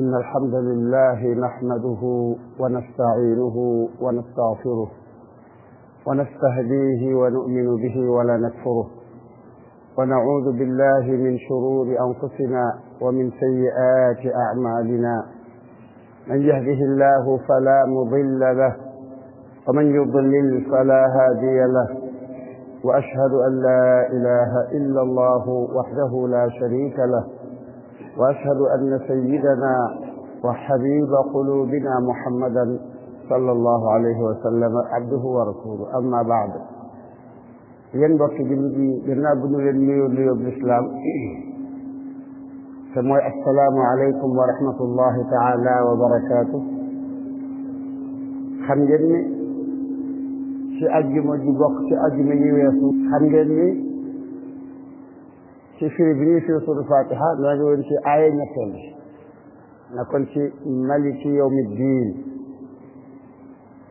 إن الحمد لله نحمده ونستعينه ونستغفره ونستهديه ونؤمن به ولا نكفره ونعوذ بالله من شرور أنفسنا ومن سيئات أعمالنا من يهده الله فلا مضل له ومن يضلل فلا هادي له وأشهد أن لا إله إلا الله وحده لا شريك له وأشهد أن سيدنا وحبيب قلوبنا محمدا صلى الله عليه وسلم عبده ورسوله أما بعد ينبغي جنبي جنا بن ينمي الإسلام سموي السلام عليكم ورحمة الله تعالى وبركاته خمجني شي أجي مجي بوك شي أجي ci firi bi ñuy firi sura fatiha ñoo ngi woon ci aaya ñetteel bi na kon ci maliki yawmi diin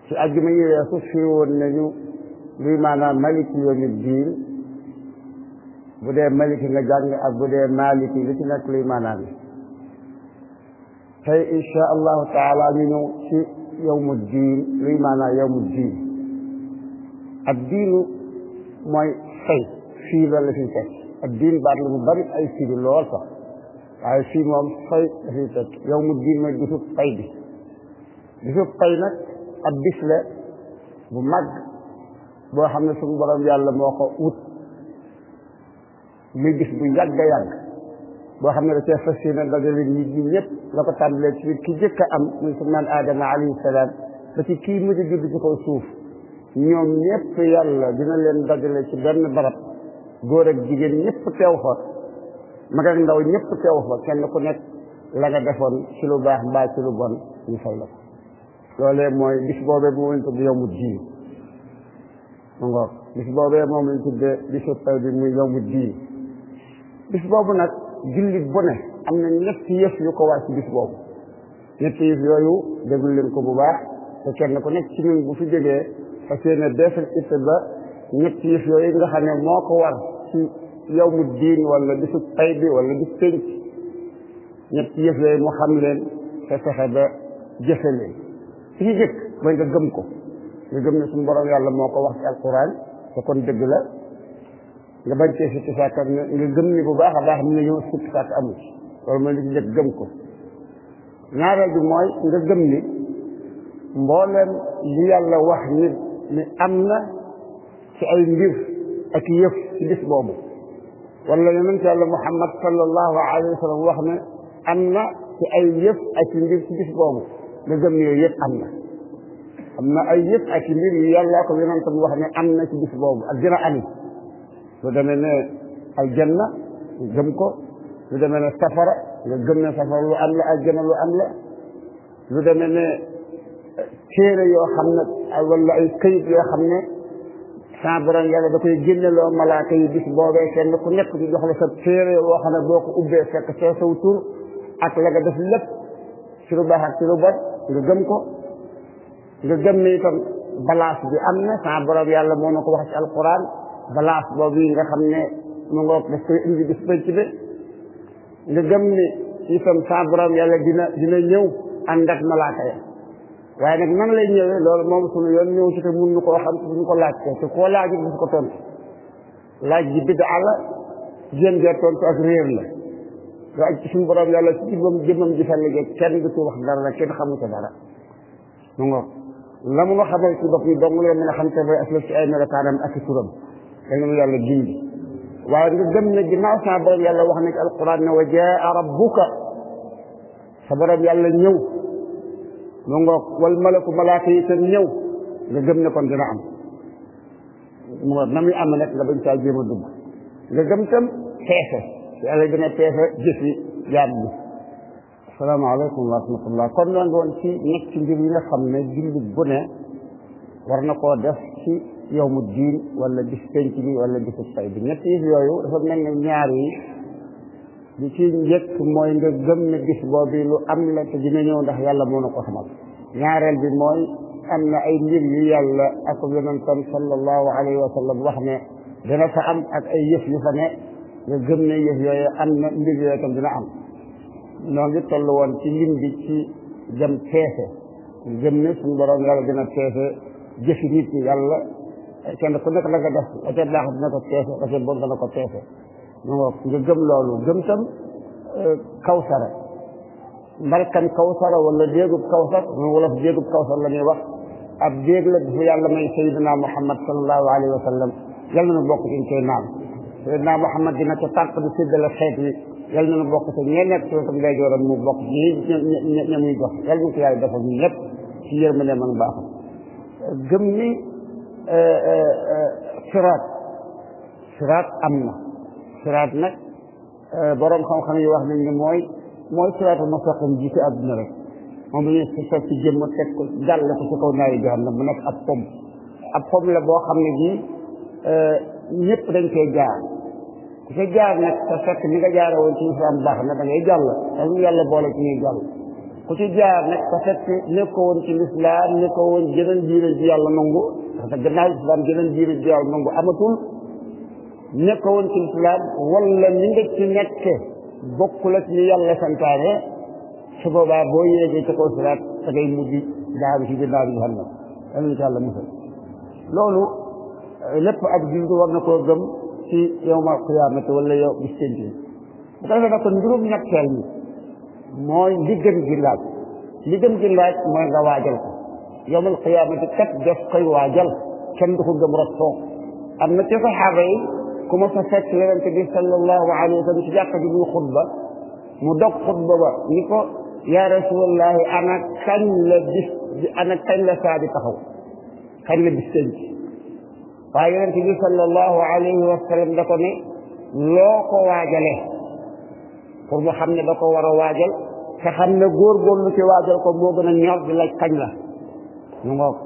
ci àjjuma yi weesu firi woon nañu luy maanaam maliki yawmi diin bu dee maliki nga jàng ak bu dee maliki li ci nekk luy maanaam yi tey insha allahu taala ñu ñëw ci yawmu diin luy maanaam yawmu diin ak diinu mooy fay fii la la fi fekk ak diin baat la bu bari ay siidu lool sax waaye fii moom fay dafay fekk yow diin mooy bisub fay bi bisub fay nag ab bis la bu mag boo xam ne suñu borom yàlla moo ko wut muy bis bu yàgg a yàgg boo xam ne da cee fas yéene dajale nit ñi ñëpp la ko tàmbalee ci ki jëkk a am muy aadama alayhi salaam ba ci kii mujj judd ci kaw suuf ñoom ñëpp yàlla dina leen dajale ci benn barab góor ak jigéen ñëpp teew fa mag ak ndaw ñëpp teew fa kenn ku nekk la nga defoon ci lu baax mbaa ci lu bon ñu fay la ko loolee mooy bis boobee moom lañ tudd yowmu diin mu ngoog moom lañ tuddee bisu bi muy yowmu diin bis boobu nag jullit bu ne am na ñetti yëf yu ko war ci bis boobu ñetti yëf yooyu déglu leen ko bu baax te kenn ku nekk ci ñun bu fi jógee fas yéene defal itte ba ñetti yëf yooyu nga xam ne moo ko war يوم الدين ولا بس الطيب ولا بس تنك نبت يفلي محملا فسحب جسلين في جك ما يجمكو يجم نسم برا ويا الله موقع وقت القرآن فكن دقلا لبن تيس تساكر نجم نبو باها باها من يوسف تساك أمش ولما يجمكو نارا جمعي نجمني mbolem li yalla wax ni ni amna ci ay mbir ak yef جس بومو ولا يمنك على محمد صلى الله عليه وسلم وحنا أن أي يف أكيد جس بومو لازم يف أن أما أي يف أكيد يلا كلنا نتم وحنا أن جس بومو أجرا أني ودمنا الجنة جمكو ودمنا السفر يجمنا سفر لو أن لا الجنة لو أن لا ودمنا كير يا خمنا ولا أي كيد يا خمنا sa borom yàlla da koy génneloo malaaka yi bis boobee kenn ku nekk di jox la sa téere woo xam ne doo ko ubbee fekk sa saw tur ak la nga def lépp ci lu baax ak ci lu bon nga gëm ko nga gëm ne bi am na sa yàlla moo na ko wax ci alquran boobu yi nga xam ne mu ngoog daf koy indi borom yàlla dina dina ñëw ànd ak malaaka ya waye nak nan lay ñëwé loolu moom sunu yoon ñëw ci te mun ñu ko xam ci ñu ko laaj te te koo laaj it ko tont laaj bi bidda ala jëm jé tont ak réer la waaye ci suñu borom yàlla ci jëmmam jëmam ji fàlle ge kenn du ko wax dara la kenn xamu ca dara mu ngox la mu nga xamal ci bopp yi dong la mën xam te mooy asla ci ay mëna taaram ak ci turam dañu nañu yàlla gindi waaye nga gëm ne ginnaaw sa borom yàlla wax na ci alquran wa jaa rabbuka sa borom yàlla ñëw nga ngoog wal malaku malaaka yi tam ñëw nga gëm ne kon dina am mu na muy am nekk nga bañ saa jéem a dugg nga gëm tam peese yàlla dina peese jëf yi jaam bi asalaamaaleykum wa rahmatullah kon noo ngi ci nekk ci mbir yi nga xam ne jullit bu ne war na koo def ci yawmu diin wala bis penc bi wala bisu bi ñett yi yooyu dafa mel ne ñaar li ci njëkk mooy nga gëm ne bis am la te dina ñëw ndax yàlla moo na ko xamal ñaareel bi mooy am na ay mbir yu yàlla ak yonentam sallallahu alayhi wa sallam wax ne dina fa am ak ay yëf yu fa ne nga gëm yëf yooyu am na mbir yooyu tam dina am noo ngi toll woon ci lim bi ci jëm teese gëm ne suñu borom yàlla dina teese jëfi nit ñi kenn ku nekk la nga def la ca baax dina ko teese la ca bon dana ko teese mu ngoog nga gëm loolu gëm tam euh, kawsara mbarkan kawsara wala déegub kawsar mu wolof déegub kawsar la ñuy wax ab déeg la bu yàlla may sayidina muhammad sallallahu alayhi wa sallam yal na nu bokk ci ñu koy naan sayidina muhammad dina ko tàpp di séddale xeet wi yal na nu bokk ci ñee nekk ci wetam ndeyjooram mu bokk ci ñi ña muy jox yal na ko yàlla defal ñu ñëpp ci yërmande man baaxam gëm ni euh, euh, siraat siraat am na siraat nag euh, boroom xam-xam yi wax nañ ne mooy mooy siraatu mustaqim ji ci àdduna rek moom la ko gàll ko ci kaw naari jahannam mu nekk ab pom ab pom la boo xam ne bii euh, ñëpp dañ koy jaar ku ca jaar nag te fekk ni nga jaare woon ci na da ngay jàll dañu yàlla boole ci nag te fekk nekkoo woon ci yàlla nangu parce que gannaaw lislaam jeneen diine amatul nekk woon ci lislaam wala ni nga ci nekk bokkul ak ni yàlla santaane su boobaa boo yéegee ca kaw siraat da ngay mujj daaw ci biir naaru jahannam yàlla ci yàlla musal loolu lépp ak jullit war na koo gëm ci yawmal qiyaamati wala mooy li gën gi li gën gi mooy nga waajal ko yawmal qiyaamati kat def koy waajal kenn du ko gëm rek am na ci saxaaba ku ma sa fekk yonent bi sallallahu alayhi wa sallam ci jàkka ji muy xutba mu dog xutba ba ni ko ya rasulallahi ana kañ la bis ana kañ la saa di taxaw kañ la bis sëñ waaye yonent bi sallallahu alayhi wa sallam da ko ne loo ko waajalee pour mu xam ne da ko war a waajal te xam ne góorgóorlu ci waajal ko moo gën a ñor di laaj kañ la ñu ngoog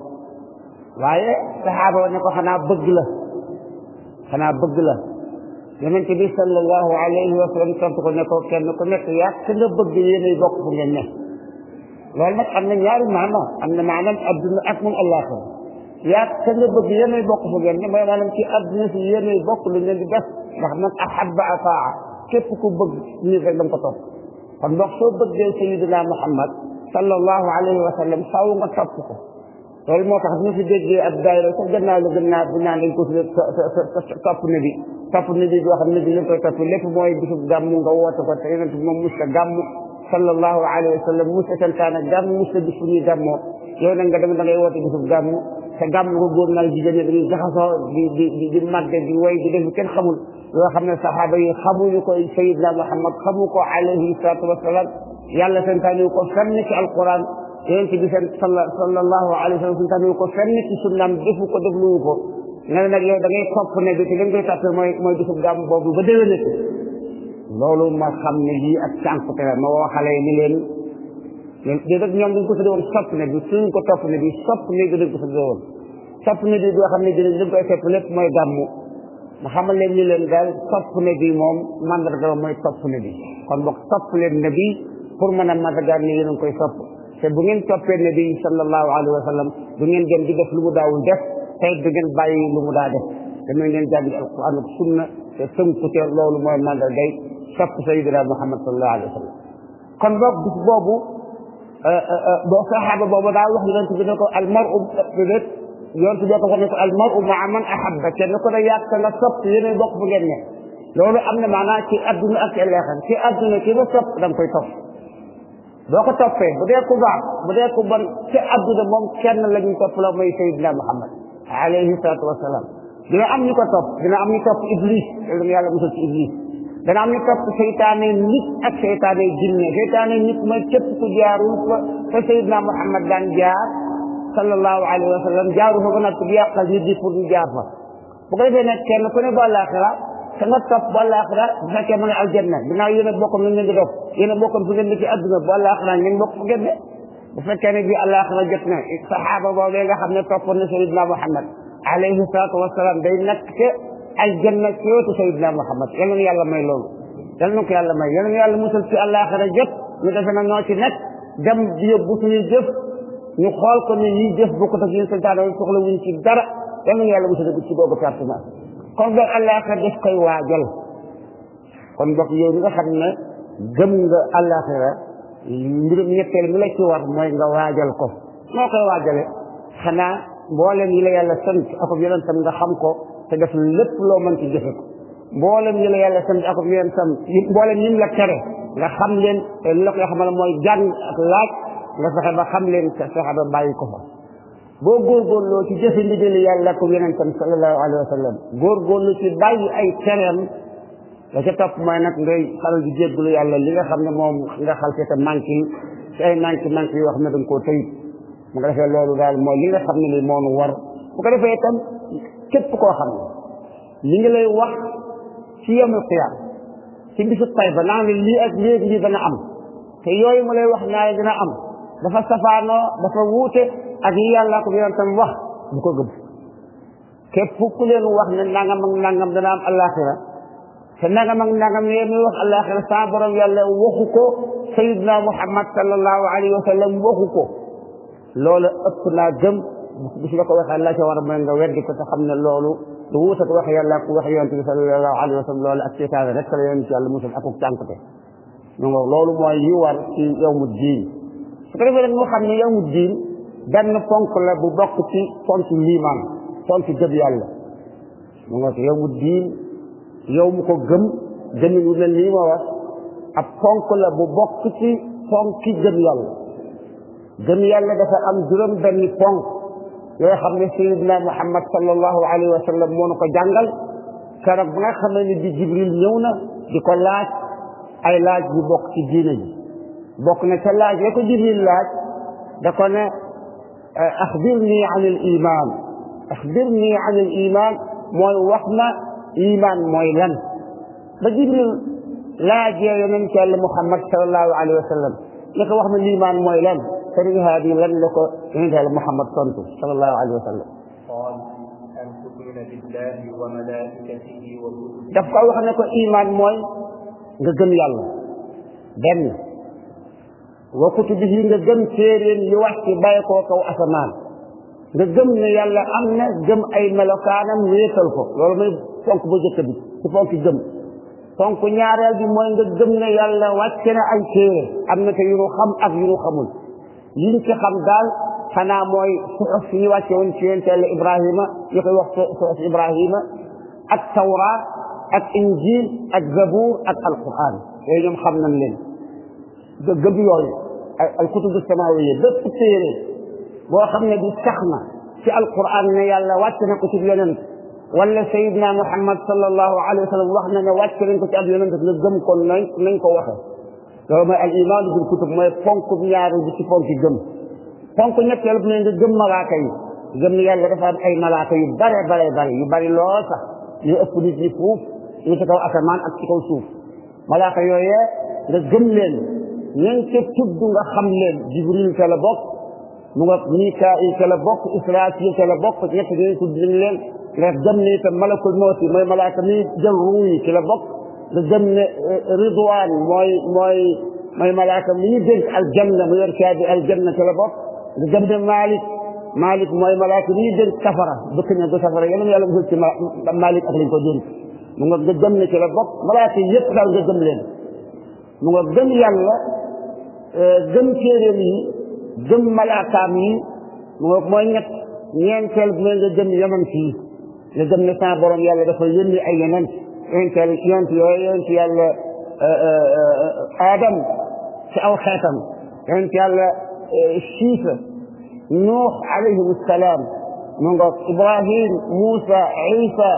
waaye saxaaba ne ko xanaa bëgg la xanaa bëgg la yonent bi sallallahu alayhi wa sallam tontu ko ne ko kenn ku nekk yaa ku nga bëgg yéenay bokk fu ngeen ne loolu nag am na ñaari maana am na maanaam adduna ak moom àllaaxira yaa ka nga bëgg yéenay bokk fu ngeen ne mooy maanaam ci adduna si yéenay bokk lu ngeen di def ndax man ahabba ataa képp ku bëgg nit rek da nga ko topp kon ndox soo bëggee sayidina Muhammad sallallahu alayhi wa sallam faaw nga topp ko loolu moo tax bu ñu fi déggee ab daayira sax gannaaw la gën naa bu naan dañ ko tuddee topp na bi topp na bi boo xam ne bi lañ koy topp lépp mooy bisu gàmm nga woote ko te yonent moom mus ta gàmm sallallahu alayhi wa sallam mus ta santaane gàmm mus ta bis fu ñuy gàmmoo yow nag nga dem da ngay woote bisu gàmm te gàmm ko góor naa jigéen ñi dañuy jaxasoo di di di di màgge di way di def kenn xamul loo xam ne saxaaba yi xamuñu ko sayidna Muhammad xamu ko alayhi salatu wasalaam yàlla santaane ko fenn ci alquran yonent bi seen sallallahu alayhi wa ko fenn ci sunnaam defu ko defluwu ko ne la nag da ngay topp ne mooy mooy bisub gàmm boobu ba déwénati loolu ma xam ne lii ak cànkute la ma woo xale yi ni leen léegi nag ko tuddee woon sopp ne bi ko topp ne bi sopp ne bi dañ ko tuddee woon sopp ne bi boo xam ne dinañ dañ koy fekk lépp mooy gàmmu ma xamal leen ni leen daal sopp ne bi moom mandarga mooy sopp ne bi kon boog sopp leen ne bi pour mën a mandarga ne yéen a ngi koy sopp te bu ngeen toppee nabi sallallahu alayhi wa sallam du ngeen dem di def lu mu daawul def te du ngeen bàyyi lu mu daa def danañ leen jàng alquran ak sunna te tënku te loolu mooy mandal day sopp sayidina muhammad sallallahu alayhi wa sallam kon boog bis boobu euh, euh, euh, boo saxaaba boobu daa wax yonent bi ne ko al maru déet yonent bi ko wax ne ko al maru maa man ahabba kenn ku ne yàgg nga sopp yeneen bokk bu ngeen ne loolu am na maanaa ci adduna ak ci àllaaxira ci adduna ki nga sopp da nga koy topp boo ko toppee bu dee ku baax bu dee ku bon ci àdduna moom kenn la ñuy topp la mooy Seydina Muhammad alayhi salaatu wasalaam dina am ñu ko topp dina am ñu topp Iblis lu yàlla musal ci Iblis dana am ñu topp seytaane nit ak seytaane ma képp ku jaarul fa fa Seydina Muhammad daan jaar sallallahu alayhi wa sallam jaaru fa ba nag ku yàqal jaar fa bu ko defee nag kenn ku ne ba àllaaxira nga topp bu àllaaxira bu fekkee mën a aljanna ginnaaw yéen a bokkoon lu ngeen di dox yéen a bokkoon fu ngeen di ci adduna bu àllaaxira ngeen bokk fu ngeen ne bu fekkee ne bi àllaaxira jot na saxaaba boobee nga xam ne toppoon na sayidna Muhammad alayhi salaatu wasalaam day nekk ca aljanna ci wetu sayidna Muhammad yal na yàlla may loolu yal na ko yàlla may yal na yàlla musal ci àllaaxira jot ñu defe na noo ci nekk dem yóbbu suñuy jëf ñu xool ko ne ñuy jëf bokkut ak yéen santaane soxla wuñ ci dara yal na yàlla musal ci googu pertement kon boog àllaaxira daf koy waajal kon boog yow mi nga xam ne gëm nga àllaaxira mbirum ñetteel mi la ci war mooy nga waajal ko noo koy waajale xanaa mboolem yi la yàlla sant akub yonentam nga xam ko te def lépp loo mën ci jëfe ko mboolem yi la yàlla sant akub yonentam mboolem yi mu la tere nga xam leen te li la koy xamal mooy jàng ak laaj nga fexe ba xam leen fexe ba bàyyi ko fa boo góorgóorloo ci jëfe ndigal yàlla ko yonentam sallallahu alayhi wa sallam góorgóorlu ci bàyyi ay tereem la ca topp mooy nag ngay xaral di jégglu yàlla li nga xam ne moom nga xal te manqué ci ay manqué manqué yoo xam ne dañ koo tëyit mu nga defee loolu daal mooy li nga xam ne li moonu war bu ko defee itam képp koo xam ne li ngi lay wax ci yemul xiyaam ci bisu tay ba naa ne lii ak lii ak lii dana am te yooyu mu lay wax naa dina am dafa safaanoo dafa wuute ak yi yàlla ko yonentam wax bu ko gëm képp ku leen wax ne nangam ak nangam dana am alaxira te nangam ak nangam yee muy wax alaxira saa borom yàlla waxu ko sayidna muhammad sallallahu alayhi wa sallam waxu ko loola ëpp naa gëm bis la ko waxee la ca war a nga weddi ko te xam ne loolu du wuut ak wax yàlla ku wax yonent bi sallallahu alayhi wa sallam loolu ak seetaane rek la yonent yàlla musal akuk cànkte ñu nga loolu mooy yi war ci yowmu diin su ko defee nag mu xam ne yowmu diin benn ponk la bu bokk ci ponk liimaan ponk gëm yàlla mu nga yow mu diin yow mu ko gëm gëmin wu mel nii la bu bokk ci ponki gëm yàlla gëm yàlla dafa am juróom benn ponk yoo xam ne sayidna muhammad sallallahu alayhi wa sallam ko jàngal keroog ba nga xamee ni bi jibril ñëw na di ko laaj ay laaj yu bokk ci diine ji bokk na ca laaj ya ko jibril laaj da ko ne أخبرني عن الإيمان أخبرني عن الإيمان وحنا إيمان مويلن بجيب لا جاي من إلا محمد صلى الله عليه وسلم لك وحنا الإيمان مويلن فريق هذه لن لك عند محمد صلى الله عليه وسلم قال أن تؤمن بالله وملائكته وكتبه دفع وحنا إيمان موي نجم يالله دمي وكنت به نجم سيرين يوحي بايك وكو أسمان نجم يلا أمنا جم أي ملكانا ويسلفو لولو مي فانك بوجك بي فانك جم فانك نياري دي موين نجم يلا واتكنا أي سير أمنا كيرو خم أف يرو خمون ينك خم دال فنا موي صحف يواتي ونشين تالي إبراهيم يخي وقت صحف إبراهيم التوراة الإنجيل الزبور القرآن يوم خمنا من لين دقب يوري الكتب السماوية بس تيري بو خمنا دي سخنا في القرآن نيا الله واتنا كتب يننت ولا سيدنا محمد صلى الله عليه وسلم وحنا نواتنا انت كتب يننت نزم كون ننك وخه لما الإيمان بالكتب ما يفنك بيارو بس يفنك جم فنك نكتل بنين جم مراكي جم نيا الله رفعت أي مراكي يبري بري بري يبري لوسا يؤفني في فوف يتكو أسمان أكتكو سوف ملاكي لزم لين ñañ ca tudd nga xam leen jibril ca la bokk mu nga mikail ca la bokk israfil ca la bokk ñett ñooñu tudd nañ leen nga gëm ne itam malakul mawti mooy malaaka mi jël ruu yi ci la bokk nga gëm ne ridwaan mooy mooy mooy malaaka mi ñu dénk aljanna mu yor caabi aljanna ca la bokk nga gëm ne malik malik mooy malaaka mi ñu dénk safara bëkk na ba safara yàlla yàlla musal ci malik ak lañ ko dénk mu nga nga gëm ne ci la bokk malaaka yépp daal nga gëm leen mu nga gëm yàlla gëm téeréem yi gëm malaakaam yi moo mooy ñett ñeenteel bi mooy nga gëm yonent yi nga gëm ne sa borom yàlla dafa yónni ay yonent ñeenteel yonent yooyu yonent yàlla aadam ci aw xeetam yonent yàlla siifa nuux alayhim salaam mu ngoog ibrahim muusa isa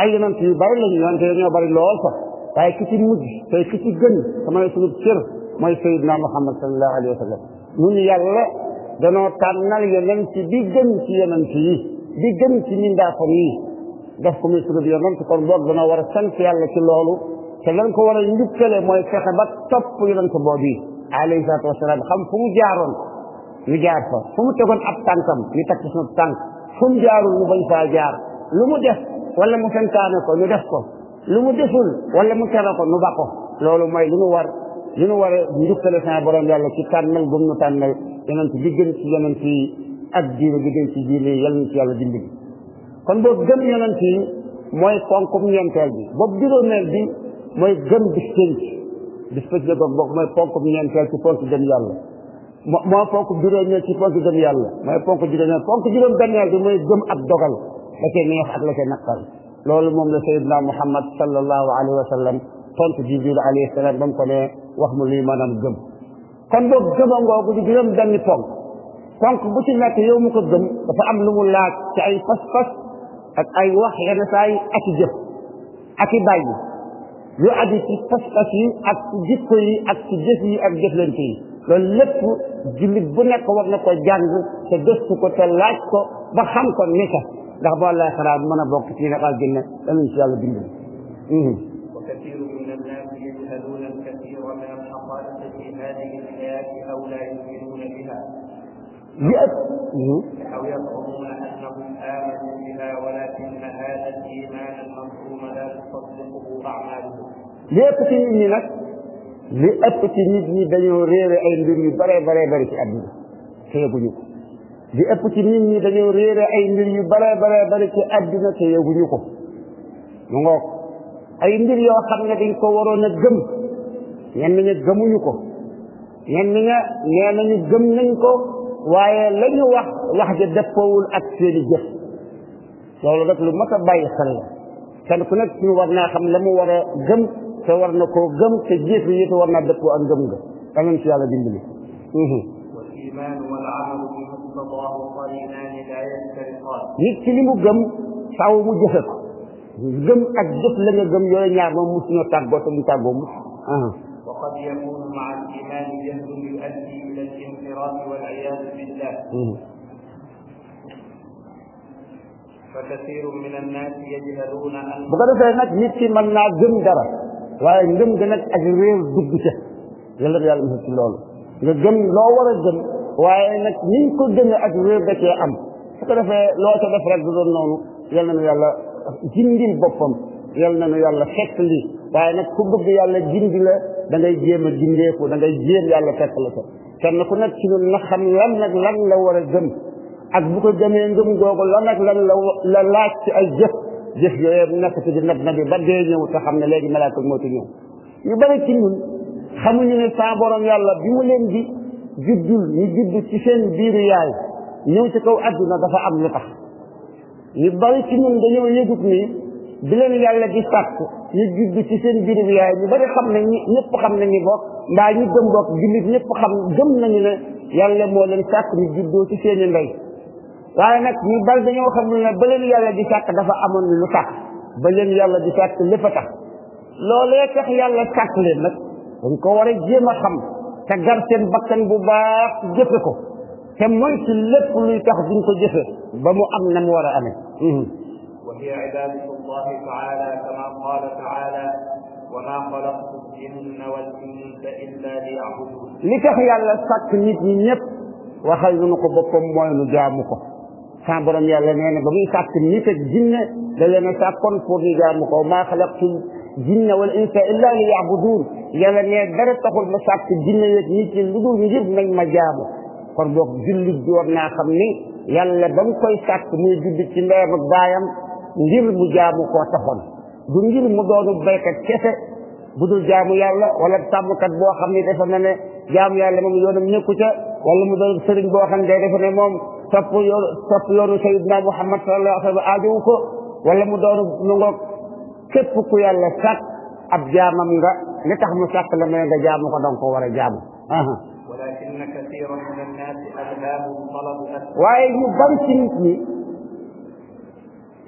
ay yonent yu bari lañu yonent yooyu ñoo bari lool sax waaye ki ci mujj tey ki ci gën sama sunu cër moy sayyidna Muhammad sallallahu alayhi wasallam sallam ñun yàlla danoo tànnal yonent bi gën ci yonent yi bi gën ci mindaafam yi daf ko muy yenen ci kon boog danoo wara a sant yàlla ci loolu te lan ko wara a moy fexe ba topp yonent ko bobu alayhi salatu wasalaam xam fu mu jaaroon ñu jaar fa fu mu tegon ab tànkam ñu ci sunu tànk fu mu jaarul mu bañ fa jaar lu mu def wala mu santaane ko ñu def ko lu mu deful wala mu tere ko ñu bako ko loolu mooy li mu war li ñu war a njukkale sama borom yàlla ci tànnal bu mu tànnal yonent bi gën ci yonent yi ak diine bi gën ci diine yi yàlla ci kon boo gëm yonent yi mooy ponkum ñeenteel bi boobu juróomeel bi mooy gëm bis pénc bis pénc goog bokk mooy ponkum ñeenteel ci ponk gëm yàlla moo ponk juróomeel ci yàlla mooy ponk juróomeel ponk juróom benneel bi mooy gëm ak dogal la ca neex ak la ca naqar loolu moom la sayyidna muhammad sallallahu alayhi wa sallam tontu jibril alayhi salaam ba mu wax mu lii maanaam gëm kon boog gëma ngoogu di juróom benn ponk ponk bu ci nekk yow mu ko gëm dafa am lu mu laaj ci ay pas-pas ak ay wax yenn saay ak i jëf ak i bàyyi lu aju ci pas-pas yi ak ci jikko yi ak ci jëf yi ak jëflante yi loolu lépp jullit bu nekk war na ko jàng te gëstu ko te laaj ko ba xam ko ni ka ndax boo lay xalaat mën a bokk ci nag aljanna danañ ci yàlla bind لا يؤمنون بها أو يزعمون أنهم آمنوا بها ولكن هذا الإيمان المنظوم لا تصدقه أعمالهم li ëpp ci nit ñi li ëpp ci nit ñi dañoo ay mbir yu bare bare bari ci àdduna te yëguñu ko li ëpp ci nit ñi dañoo ay mbir yu bare bare bari ci àdduna te yëguñu ko mu ngoog ay mbir yoo xam ne dañ ko waroon a gëm ñenn ñi gëmuñu ko ñen ñi nga nee nañu gëm nañ ko waaye la ñu wax wax ja dëppoowul ak seeni jëf loolu rek lu mat a bàyyi xel la kenn ku nekk war naa xam la mu war a gëm te war na koo gëm te jëf yi te war naa dëppoo ak gëm nga danañ ci yàlla dimbali mhm. nit ci li mu gëm faaw mu jëfe gëm ak jëf la nga gëm yooyu ñaar moom mosuñoo tàggoo te mu tàggoo الإيمان جهل يؤدي إلى الانحراف والعياذ بالله فكثير من الناس يجهلون أن bu ko defee nag nit ki mën naa gëm dara waaye ngëm ga nag ak réer dugg ca yàlla yàlla mos ci loolu nga gëm loo war a gëm waaye nag ni ñu ko gëmee ak réer da cee am su ko defee loo ca def rek du doon noonu yal nañu yàlla jindil boppam yal nañu yàlla fekk lii waaye nag ku bëgg yàlla jindi la da ngay jéem a gindeeku da ngay jéem yàlla fekk la ko kenn ku nekk ci ñun na xam lan nag la war a gëm ak bu ko gëmee ngëm googu la ak lan la la laaj ci ay jëf jëf yooyu nekk ci di nab na bi ba dee ñëw te xam ne léegi malaaka mooti ñëw ñu bari ci ñun xamuñu ne sa borom yàlla bi mu leen gi juddul ñu judd ci seen biiru yaay ñëw ci kaw adduna dafa am lu tax ñu bari ci ñun dañoo yëgut ni bi leen yàlla di sàkk ñu judd ci seen biir yaay ñu bari xam na ñëpp xam nañu bokk mbaa ñu gëm bokk jullit ñëpp xam gëm nañu ne yàlla moo leen sàkk ñu juddoo ci seen i ndey waaye nag ñu bari dañoo xam ne ba leen yàlla di sàkk dafa amoon lu tax ba leen yàlla di sàkk lépp a tax loolee tax yàlla sàkk leen nag dañ ko war a jéem a xam te gar seen bakkan bu baax jëfe ko te moytu lépp luy tax duñ ko jëfe ba mu am na mu war a amee. wa hiya ibadatu llahi taala قال تعالى وما خلقت الجن والانس الا ليعبدون نيكخ يالا ساك نيت ني نيب واخال نونكو بوبم موي نو جامكو سان بروم يالا نينا بامي ساك نيت اك جن دا لينا ساكون فور خلقت الجن والانس الا ليعبدون يالا ني دار تخول ما ساك جن يك نيت ني لودو نيب ناج ما جامو كون دوك جولي دور نا خامني يالا بام كوي ساك مي جودي سي نيب ak bayam ngir mu jaamu ko taxone du ngir mu doonu baykat kese budul jaamu yàlla wala tàmmkat boo xam ne dafa ne ne jaamu yàlla moom yoonam nekku ca wala mu doon sëriñ boo xam ne day defe ne moom topp yoonu topp yoonu sayidna muhammad sallallahu alayhi wa sallam aajowu ko wala mu doonu nu ngoog képp ku yàlla sàkk ab jaamam nga li tax mu sàkk la mel nga jaamu ko danga ko war a jaamu walakin kathiran min annaas albaahum talabu waaye ñu bari ci nit ñi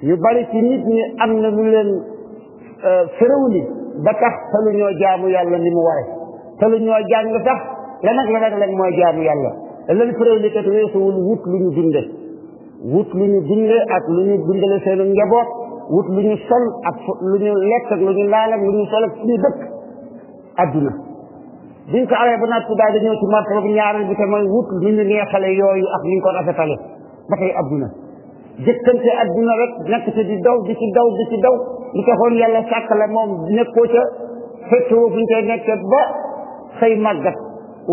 ñu bari ci nit ñi am na lu leen fëréw li ba tax talu ñoo jaamu yàlla ni mu ware talu ñoo jàng sax lenag lenag mooy jaamu yàlla lan fëréw li kat weesuwul wut lu ñu dunde wut lu ñu dunde ak lu ñu dundale seenu njaboot wut lu ñu sol ak lu ñu lekk ak lu ñu laal ak lu ñu sol ak suñu dëkk adduna biñ ko awee ba naat ku daal di ñëw ci martaba bu ñaareel bi te mooy wut lu ñu neexale yooyu ak li ñu ko rafetale ba tey adduna jëkkante àdduna rek nekk ci di daw di ci daw di ci daw li taxoon yàlla sàkk la moom nekkoo ca fettoo fi nga nekk ba xëy màggat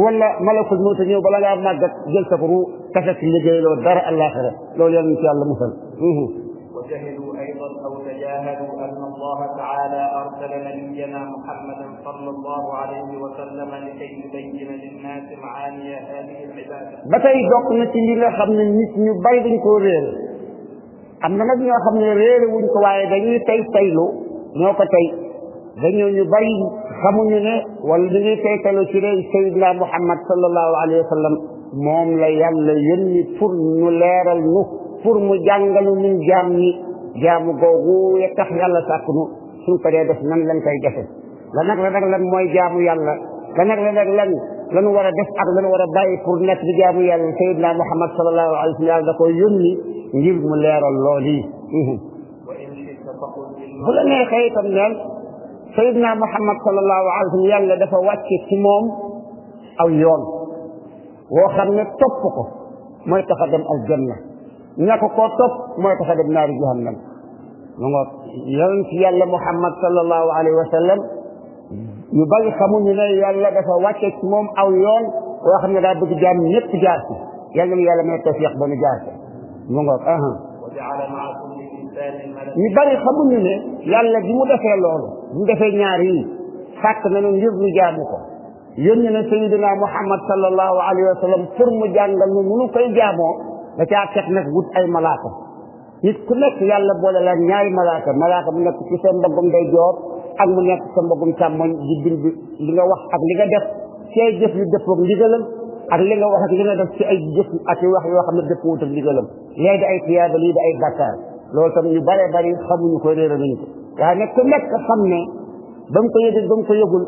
wala malakul mawta ñëw bala ngaa màggat jël sa ru tafek liggéeyloo dara àllaaxira loolu yàlla ñu ci yàlla musal وجهلوا أيضا أو تجاهلوا أن الله تعالى أرسل نبينا محمدا صلى الله عليه وسلم لكي يبين للناس معاني هذه العبادة. بتاي دوك نتي ليغا خامن نيت ñu bay dañ ko réel am na nag ñoo xam ne réere wuñ ko waaye dañuy tey taylu ñoo ko tey dañoo ñu bari xamuñu ne wala ñu ngi tey taylu ci réew sayidna muhammad sallallahu alayhi wa sallam moom la yàlla yónni pour ñu leeral nu pour mu jàngalu ñun jaam ñi jaamu googu ya tax yàlla sàkk nu suñ ko dee def nan lañ koy defe lan nag la nag lan mooy jaamu yàlla lan nag la nag lan lanu war a def ak lanu war a bàyyi pour nekk di jaamu yàlla sayidna muhammad sallallahu alayhi wa sallam da ko yónni ngir mu leeral lool yi bu la neexee itam neen sayidna muhammad sallallahu alayhi wa sallam yàlla dafa wàcce ci moom aw yoon woo xam ne topp ko mooy tax a dem aljanna ñàkk koo topp mooy tax a dem naaru jahannam mu ngoog yonent yàlla muhammad sallallahu alayhi wa sallam yu bari xamuñu ne yàlla dafa wàcce ci moom aw yoon woo xam ne daa bëgg jaam ñëpp jaar ci yàlla mu yàlla may tawfiq ba nu jaar ci mu ngoog aha ñu bari xamuñu ne yàlla bi mu defee loolu mu defee ñaar yi sàkk na nu ngir ñu jaamu ko yónni na sayidina muhammad sallallahu alayhi wa sallam pour mu jàngal ñu munu koy jaamoo da caa teg nag wut ay malaaka nit ku nekk yàlla boole la ñaari malaaka malaaka mu nekk ci sa mbaggum day joor ak mu nekk sa mbaggum càmmoñ di bind li nga wax ak li nga def cee jëf yu dëppoog ndigalam ak li nga wax ak li nga def ci ay jëf ak wax yoo xam ne dëppoo ak ndigalam léegi ay tiyaaba lii di ay bàkkaar loolu tam ñu bare bari xamuñu ko réere nañu ko waaye nag ku nekk xam ne ba mu ko yëgul ba mu ko yëgul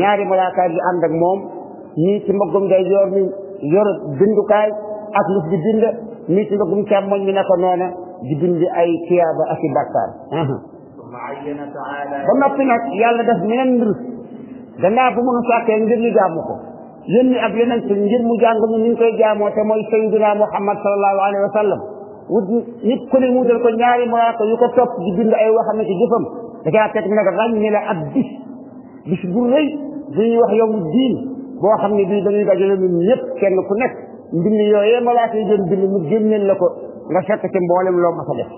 ñaari malaaka yi ànd ak moom ñii ci mboggum day yor ni yor bindukaay ak lu di bind ñii ci mboggum càmmoñ mi ne ko noona di bind ay tiyaaba ak i bàkkaar ba noppi nag yàlla def meneen mbir gannaaw bu mënu sàkkee ngir ñu jaamu ko yónni ab yonent ngir mu jàng ñu niñ koy jaamoo te mooy sayyidina muhammad sallallahu alayhi wa sallam wut nit ku ne mu wutal ko ñaari malaaka yu ko topp di bind ay waxam ci jëfam da caa teg nag ràññi la ab bis bis bu rëy bu ñuy wax yow diin boo xam ne bii dañuy dajale ñun ñëpp kenn ku nekk mbind yooyee malaaka yi doon bind mu génneel la ko nga fekk ci mboolem loo ma sa def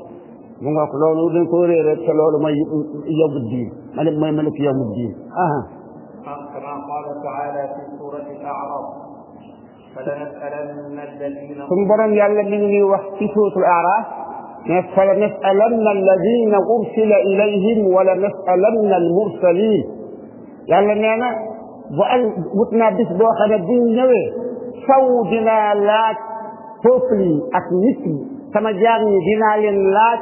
mu nga ko loolu dañ ko réer rek te loolu mooy yow diin ma ne mooy ma nekk yow diin aha الأعراب فلنسألن الذين ثم برم يلا لني وحكي سوت الأعراب فلنسألن الذين أرسل إليهم ولنسألن المرسلين يلا نعم وقال قلتنا بس بوخنا الدين نوي سو دينا لات توفلي أكنسي سما جاني دينا لين لات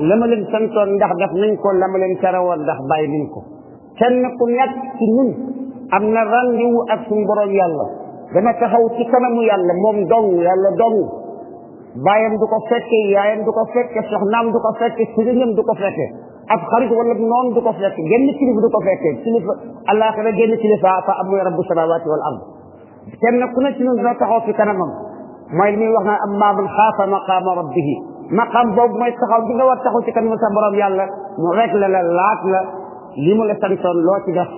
لما لن سنتون دخ دخ منكو لما لن ترون دخ باي منكو كن نكون يكسي منكو am na rendez-vous ak suñu borom yàlla dana taxaw ci kanamu yàlla moom dong yàlla dong bàyyam du ko fekke yaayam du ko fekke soxnaam du ko fekke sëriñam du ko fekke ab xarit wala noon du ko fekke genn kilifa du ko fekke kilifa alaxira genn kilifa fa abu rabbu samawati wal ard kenn ku ne ci ñun dana taxaw ci kanamam mooy li muy wax naan amma man xaafa maqaama rabbihi maqaam boobu mooy taxaw bi nga war taxaw ci kanamu sa borom yàlla mu rek la la laaj la li mu la santoon loo ci def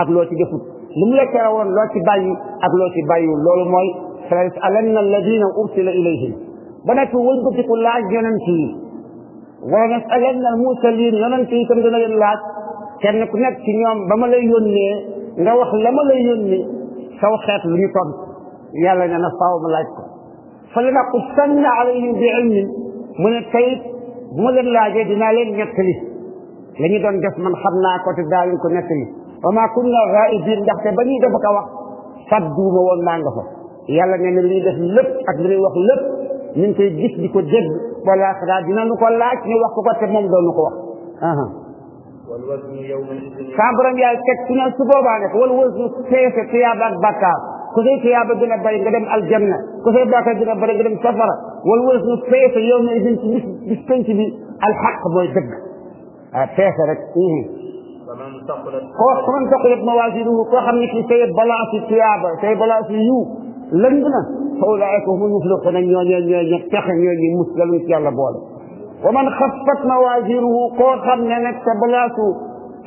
ak loo ci defut lu mu la tere woon loo ci bàyyi ak loo ci bàyyiwul loolu mooy fala yasalanna alladina ursila ilayhim ba nekk wëlbatiku laaj yonent yi wala nasalanna almursalin yonent yi itam dana leen laaj kenn ku nekk ci ñoom ba ma lay yónnee nga wax la ma lay yónni saw xeet lu ñu tont yàlla ne na faaw ma laaj ko fa la naqusanna alayhim bi ilmin mu ne tayit bu ma leen laajee dinaa leen nettali la ñu doon def man xam naa ko te daa leen ko nettali وما كنا غائبين دخت بني دب كوا فدو ما وان مانغ فا يلا نين لي دخ لب أدري وخ لب من في جس دي كو جد ولا خرادنا نكو لاك ني وخ كو تمام دو نكو أها سامبرم يا كتنا سبوا بانك والوزن سيف تيابك بكا كذي تيابك جنا بري قدم الجنة كذي بكا جنا بري قدم سفر والوزن سيف يوم إذن تبي الحق بوي دق سيف رك إيه koo faman taqulat mawaasinuhu koo xam ne kii say balance yi tiyaaba say balance yi yiw lëng na fa ulaa'ika humul muflixuuna ñooñee ñooy ñu texe ñooñu musgaluñ ci yàlla boole wa man xaffat mawaasinuhu koo xam ne nag sa balaasu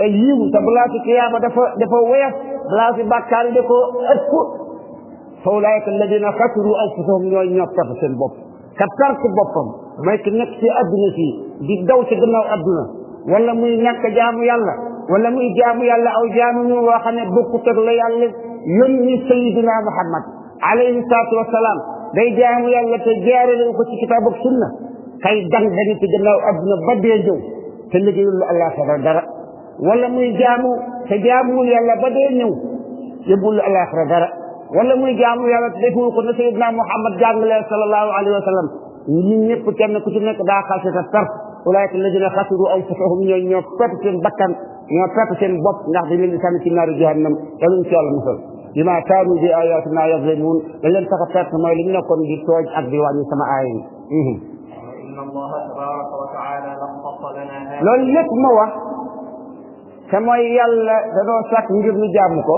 yiw sa balaasu tiyaaba dafa dafa weef balaasu yi bàkkaar yi da ko ëpp fa ulaa'ika alladina xasiru anfusahum ñooy ñoppata seen bopp ka perte boppam mooy ki nekk ci adduna si di daw ci gannaaw adduna wala muy ñàkk jaamu yàlla wala muy jaamu yàlla aw jaamu ñu woo xam ne bokkut ak la yàlla yónni sayidina muhammad alayhi salaatu wasalaam day jaamu yàlla te jaarale ko ci kitaab ak sunna kay dang dañu ci gannaaw adduna ba dee ñëw te liggéeyul lu allah xara dara wala muy jaamu te jaamuwul yàlla ba dee ñëw yóbbul lu allah xara dara wala muy jaamu yàlla te deful ko na sayidina muhammad jàngalee salallahu alayhi wa sallam ñun ñëpp kenn ku ci nekk daa xasita perte ulaayka alladina xasiru anfusahum ñooy ñoo perte seen bakkan ñoo perte seen bopp ñax dañ leen di sànni ci naaru jahannam yàlla ñu ci yàlla bi ma kaanu bi ayatina yazlimun dañ leen tax a perte mooy li ñu nekkoon di tooj ak di wàññi sama aaya yi mhm. loolu lépp ma wa te mooy yàlla da doon sàkk ngir ñu jaamu ko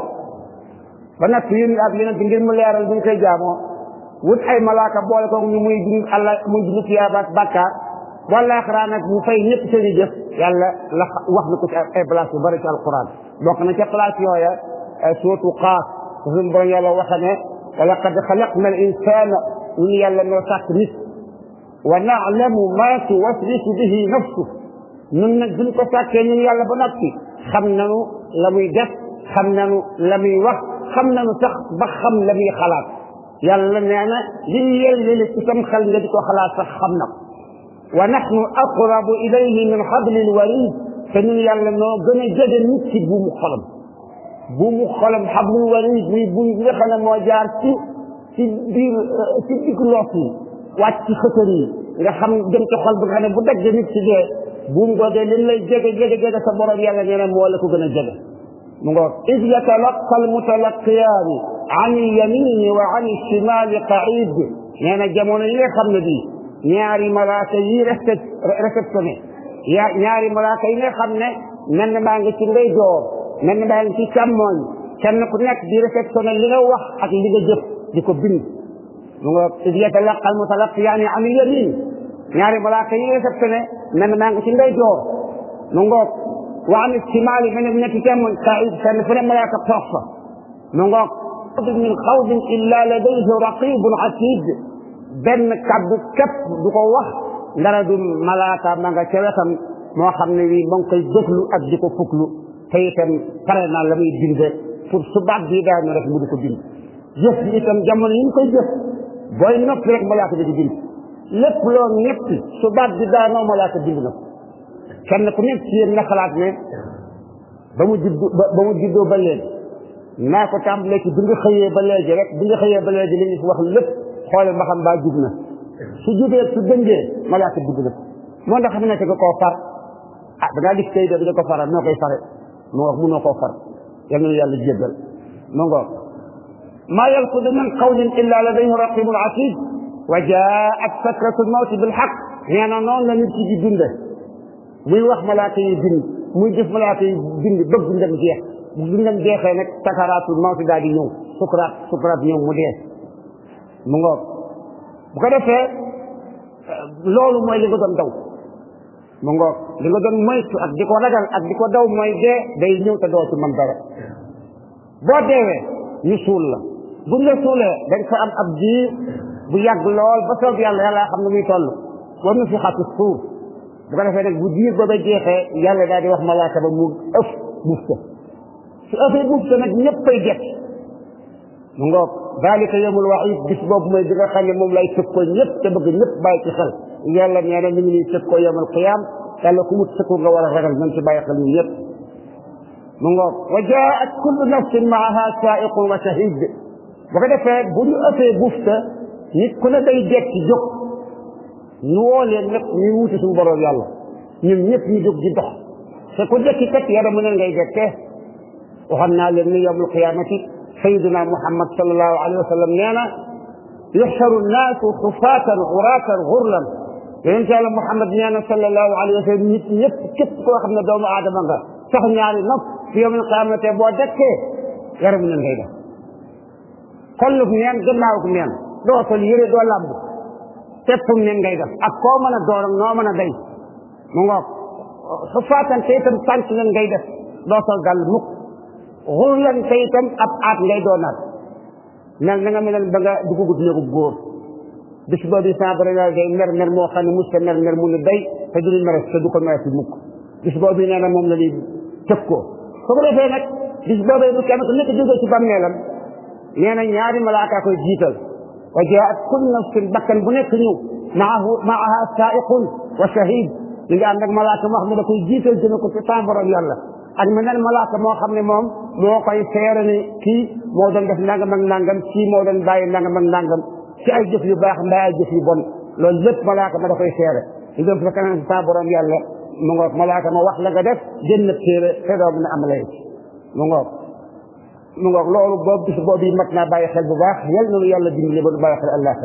ba nag yéen ak yeneen ngir mu leeral bu ñu koy jaamoo wut ay malaaka boole ko ñu muy dund Allah muy dund ci bàkkaar wala axra nag bu fay ñëpp seeni jëf yàlla la wax na ko ci ay place yu bari ci alquran bokk na ca place yooya suratu xaas suñu borom yàlla waxe ne wa laqad xalaqna al insana ñun yàlla noo sàkk nit wa naalamu ma tuwaswisu bihi nafsu nun nag duñ ko sàkkee ñun yàlla ba noppi xam nanu la muy def xam nanu la muy wax xam nanu sax ba xam la muy xalaat yàlla nee na li ñu yellele ci sam xel nga di ko xalaat sax xam na ko ونحن أقرب إليه من حبل الوريد فمن يلا noo gën a jege nit ci buumu xolam buumu xolam xablul warid muy buum bi nga xam ne moo jaar ci ci biir ci digg loof yi wàcc ci xëtër yi nga xam dem ci xol bi nga xam ne bu daggee nit ci dee buum googee lim lay jege jege jege sa borom yàlla nee na moo la ko gën a jege mu ngoog id yatalaqa almutalaqiyaani an al yamini wa an al shimaali qaid nee na jamono yi nga xam ne bii ñaari malaaka yi rafet réceptionné yaa ñaari malaaka yi nga xam ne menn baa ngi ci ndeyjoor menn baa ngi ci càmmooñ kenn ku nekk di réceptionné li nga wax ak li nga jëf di ko bind mu nga id yatalaqa al mutalaqiyaani an il yamin ñaari malaaka yi réceptionné menn baa ngi ci ndeyjoor mu nga wa an istimaali menn bu nekk ci càmmooñ qaid kenn fu ne malaaka toog fa mu nga min xawdin illa ladayhi raqibun atid benn kaddu képp du ko wax dara du malaaka ma nga ca wetam moo xam ne wi ma ngi koy déglu ak di ko fuklu te itam pare na la muy bind pour su baat bii daanu rek mu di ko bind jëf bi itam jamono yi mu koy jëf booy noppi rek malaaka bi di bind lépp loo ñetti su baat bi daanoo malaaka bind na ko kenn ku nekk ci yéen nga xalaat ne ba mu juddu ba mu juddoo ba léegi naa ko tàmbalee ci bi nga xëyee ba léegi rek bi nga xëyee ba léegi li ñu fi wax lépp xoolal ma xam mbaa jub na su jubee su dëngee malaaka dugg na moo ndax xam ne ko koo far ah da ngaa gis tey de dañu ko faral noo koy fare moo wax munoo koo far yal na yàlla jéggal ma ngoog ما يلفظ من قول إلا لديه رقيب عتيد وجاءت سكرة الموت بالحق يعني نون لا نبكي دي دند muy wax malaaka yi bind muy def malaaka yi bind bëgg ndam jeex bu ndam jeexee nag sakaraatul mawti daal di ñëw sukuraat sukuraat ñëw mu dee mu ngoog bu ko defee euh, loolu mooy li nga doon daw mu ngoog li nga doon moytu ak di ko ragal ak di ko daw mooy dee day ñëw te doo ci mën dara boo deewee ñu suul la buñ la suulee dañ fa am ab diir bu yàgg lool ba soob yàlla yàlla xam ne muy toll war na fi xatu suuf bu ko defee nag bu diir ba ba jeexee yàlla daal di wax malaaka ba mu ëf buuf ko su ëfee buuf ko nag ñëppay jekk mu ngoog daalika yawmul wa'iid bis boobu mooy bi nga xam ne moom lay sëf ko ñëpp te bëgg ñëpp bàyyi ci xel yàlla nee na mi ngi nii sëf ko yawmal qiyaam yàlla ku mu sëkku nga war a ragal nañ ci bàyyi xel ñun ñëpp mu ngoog wa jaa'at kullu nafsin ma'aha saa'iqun wa shahiid bu ko defee bu ñu ëppee bufta nit ku ne day dekki jóg ñu woo leen nag ñu wuti suñu borom yàlla ñun ñëpp ñu jóg di dox te ku dekki kat yaramu ne ngay dekkee waxoon naa leen ni yawmul qiyaamati سيدنا محمد صلى الله عليه وسلم نينا يحشر الناس خفاة عراة غرلا يعني قال محمد نينا صلى الله عليه وسلم يتكت واخدنا دوم آدم انغا سخن ياري نف في يوم القيامة يبوا دكة يرمنا الهيدا كل نينا قلناه نينا دو أصل يري دو اللعب تفهم نينا قيدا أقومنا دورا نومنا دي مغاق خفاة تيتم تنسلن قيدا دو أصل قال xuyan te itam ab aat ngay doonaat nag na nga meloon ba nga dugugut néegub góor bis boobu sa borom yàlla day mer mer moo xam ne mus ta mer mer mu ne day te du mere te du ko mere si mukk bis boobu nee na moom la ñuy tëb ko su ko defee nag bis boobu bu kenn ku nekk jógee ci bàmmeelam nee na ñaari malaaka koy jiital wa jaat kullu nafsin bakkan bu nekk ñu maahu maaha saiqun wa shahid li nga ànd ak malaaka moo xam ne da koy jiital jëme ko ci sa borom yàlla ak meneen malaaka moo xam ne moom moo koy seere ne kii moo doon def nangam ak nangam kii moo doon bàyyi nangam ak nangam ci ay jëf yu baax mbaa ay jëf yu bon loolu lépp malaaka ma da koy seere ñu dem fa kanam sa borom yàlla mu ngoog malaaka ma wax la nga def génn téere te doo mën a am lay mu ngoog mu ngoog loolu boobu bis boobu yi mat naa bàyyi xel bu baax yal na nu yàlla dimbali ba nu bàyyi xel allah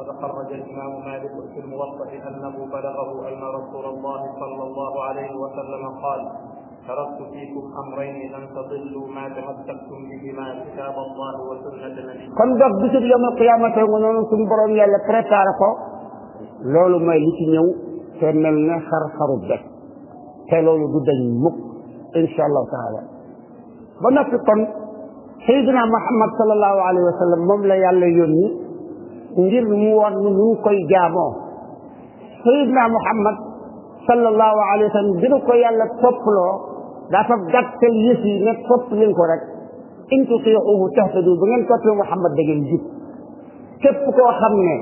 وقد خرج الإمام مالك في الموطأ أنه بلغه أن رسول الله صلى الله عليه وسلم قال شرفت فيكم امرين لن تضلوا ما تمسكتم بهما كتاب الله وسنه النبي. كم دقت يوم القيامه يقولون لهم سم بروم يلا تريتاركو لولو ما يجي كملنا خر خر الدك. كلولو جدا مك ان شاء الله تعالى. ونفقا سيدنا محمد صلى الله عليه وسلم مملا يلا يوني ngir mu war ñu ñu koy jaamo sayyidna muhammad sallallahu alayhi wasallam gëna dafa gàttal yëf yi ne topp leen ko rek in tutiuhu tahtadu ba ngeen toppee Muhammad da ngeen jub képp koo xam ne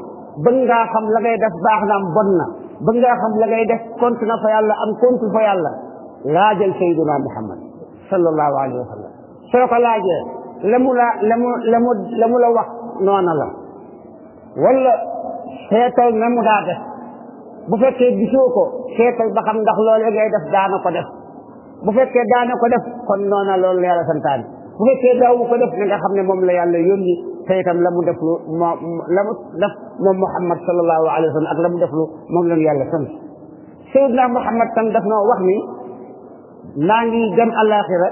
bëgg ngaa xam la ngay def baax na am bon na bëgg ngaa xam la ngay def compte na fa yàlla am compte fa yàlla laajal sayyiduna Muhammad sallallahu alayhi wa sallam soo ko laajee la mu la la mu la mu la mu la wax noona la wala seetal na mu daa def bu fekkee gisoo ko seetal ba xam ndax loolee ngay def daana ko def bu fekkee daana ko def kon noona loolu la yàlla santaane bu fekkee daawu ko def na nga xam ne moom la yàlla yónni te itam la mu def lu la mu def moom Muhammad sallallahu alayhi wa ak la mu def lu moom la yàlla sant Seydina Muhammad tam daf noo wax ni maa ngi gëm àllaaxira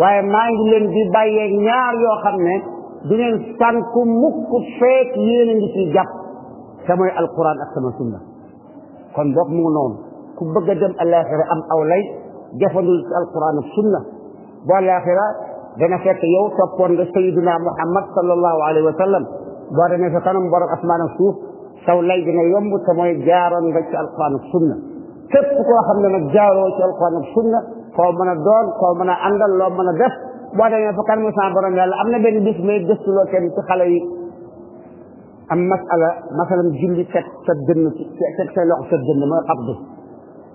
waaye maa ngi leen di bàyyee ñaar yoo xam ne du ngeen sànku mukk feek yéen a ngi ciy jàpp te mooy alquran ak sama sunna kon boog mu noonu ku bëgg a dem am aw lay جفن القرآن السنة والآخرة جنفك يو تبون سيدنا محمد صلى الله عليه وسلم بارنا فتنا مبارك أسمان السوف سو لي جنا يوم بتمي جارا نجت القرآن السنة كيف كل خم من الجار القرآن السنة كل من الدون كل من عند الله من الدف بارنا فكان مسام بارنا أمنا بين بسم الله بسم الله كم تخلي أم مسألة مثلا جلي تك تدن تك تك تك تك تك تك تك تك تك تك تك تك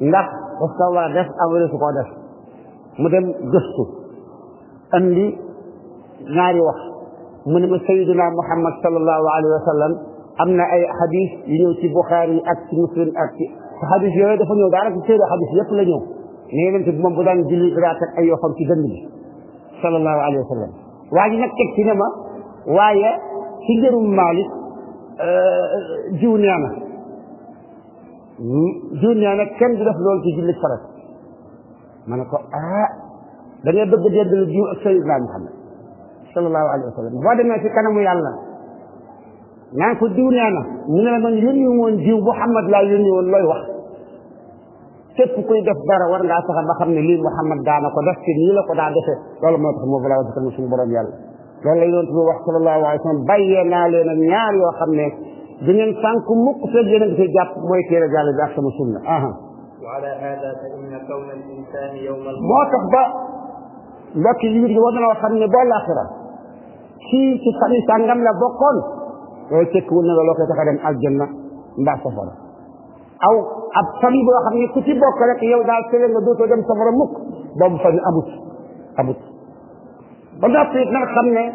ndax daf ko war a def amul su ko def mu dem gëstu andi ñaari wax mu ne ma sayiduna muhammad sallallahu alayhi wa sallam am na ay xadis yu ñëw ci buxaari ak ci muslim ak ci xadis yooyu dafa ñëw daanaka seede xadis yëpp la ñëw ne yeneen bi moom bu daan julli da daa teg ay yoo xam ci dënd bi sallallahu alayhi wa sallam waa ji nag teg ci ne ma waaye ci ngërum maalik jiw nee na diw nee na kenn du def loolu ci jullit farat ma ne ko ah da ngay bëgg a déglu diw ak Seydina Muhammad sallallahu alayhi wa sallam boo demee ci kanamu yàlla naan ko diw nee na ñu ne la man woon diw Muhammad kuy def dara war ngaa fexe ba xam ne lii Muhammad daana ko def la ko daa defee loolu moo tax moo balaa wax ci kanamu suñu borom yàlla loolu la wax sallallahu alayhi wa sallam bàyyee naa xam ne du ngeen sànq mukk fekk yéen a ngi koy jàpp mooy téere yàlla bi ak sama sunna aha moo tax ba xam ne boo laaxira kii ci fan sàngam la bokkoon loolu tekkiwul na loo koy tax dem aljanna mbaa safara aw ab fan boo xam ne ku ci bokk rek yow daal sële nga dootoo dem safara mukk boobu fan amut amut ba noppi nag xam ne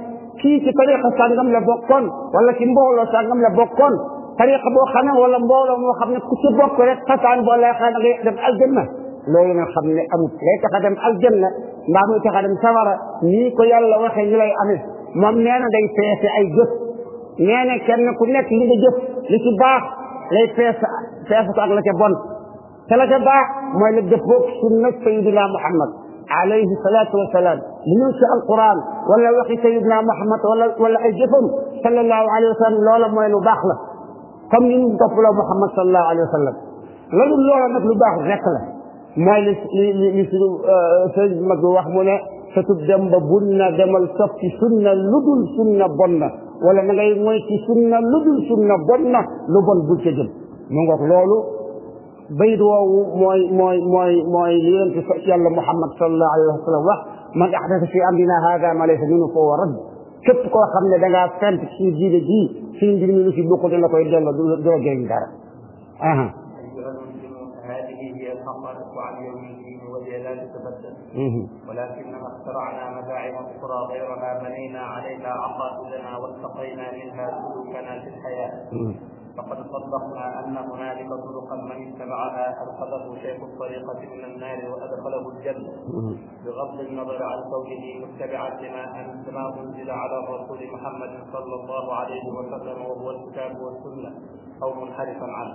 ki ci tariqa sàngam la bokkon wala ci mbolo sàngam la bokkon tariqa bo xamne wala mbolo mo xamne ku ci bokk rek xasaan bo lay xëy ngay dem aljanna loolu nga xamne ne lay tax dem aljanna ndax muy tax dem sawara ni ko yàlla waxe ni lay amé mom neena day fessé ay jëf neena kenn ku nekk li nga jëf li ci baax lay fess fess ak la ca bon ca la ca baax moy la jëf bok sunna sayyidina muhammad عليه الصلاة والسلام لننشئ القرآن ولا وحي سيدنا محمد ولا ولا أي جسم صلى الله عليه وسلم لا لم ينو باخلة كم ينطف له محمد صلى الله عليه وسلم لن لا لم ينو باخلة غكلة ما يسلو آه، سيد مكو وحمنا ستبدن ببنا دم الصف سنة لدن سنة بنا ولا نغير ميت سنة لدن سنة بنا لبن بكجم من قلت لولو bayd woowu mooy mooy mooy mooy li yonent yàlla Muhammad sallallahu alayhi wa sallam wax man ahdatha fi amrina haada ma laysa minhu fa huwa radd képp koo xam ne da ngaa fent ci diine ji ci mbir mi lu ci bokkul dina koy delloo du du la jëriñ dara. ولكننا اخترعنا متاعب اخرى غيرها بنينا عليها عقائدنا واتقينا منها سلوكنا في الحياه فقد صدقنا ان هنالك طرقا من اتبعها ادخله شيخ الطريقه من النار وادخله الجنه بغض النظر عن قوله متبعا لما لما انزل على الرسول محمد صلى الله عليه وسلم وهو الكتاب والسنه او منحرفا عنه.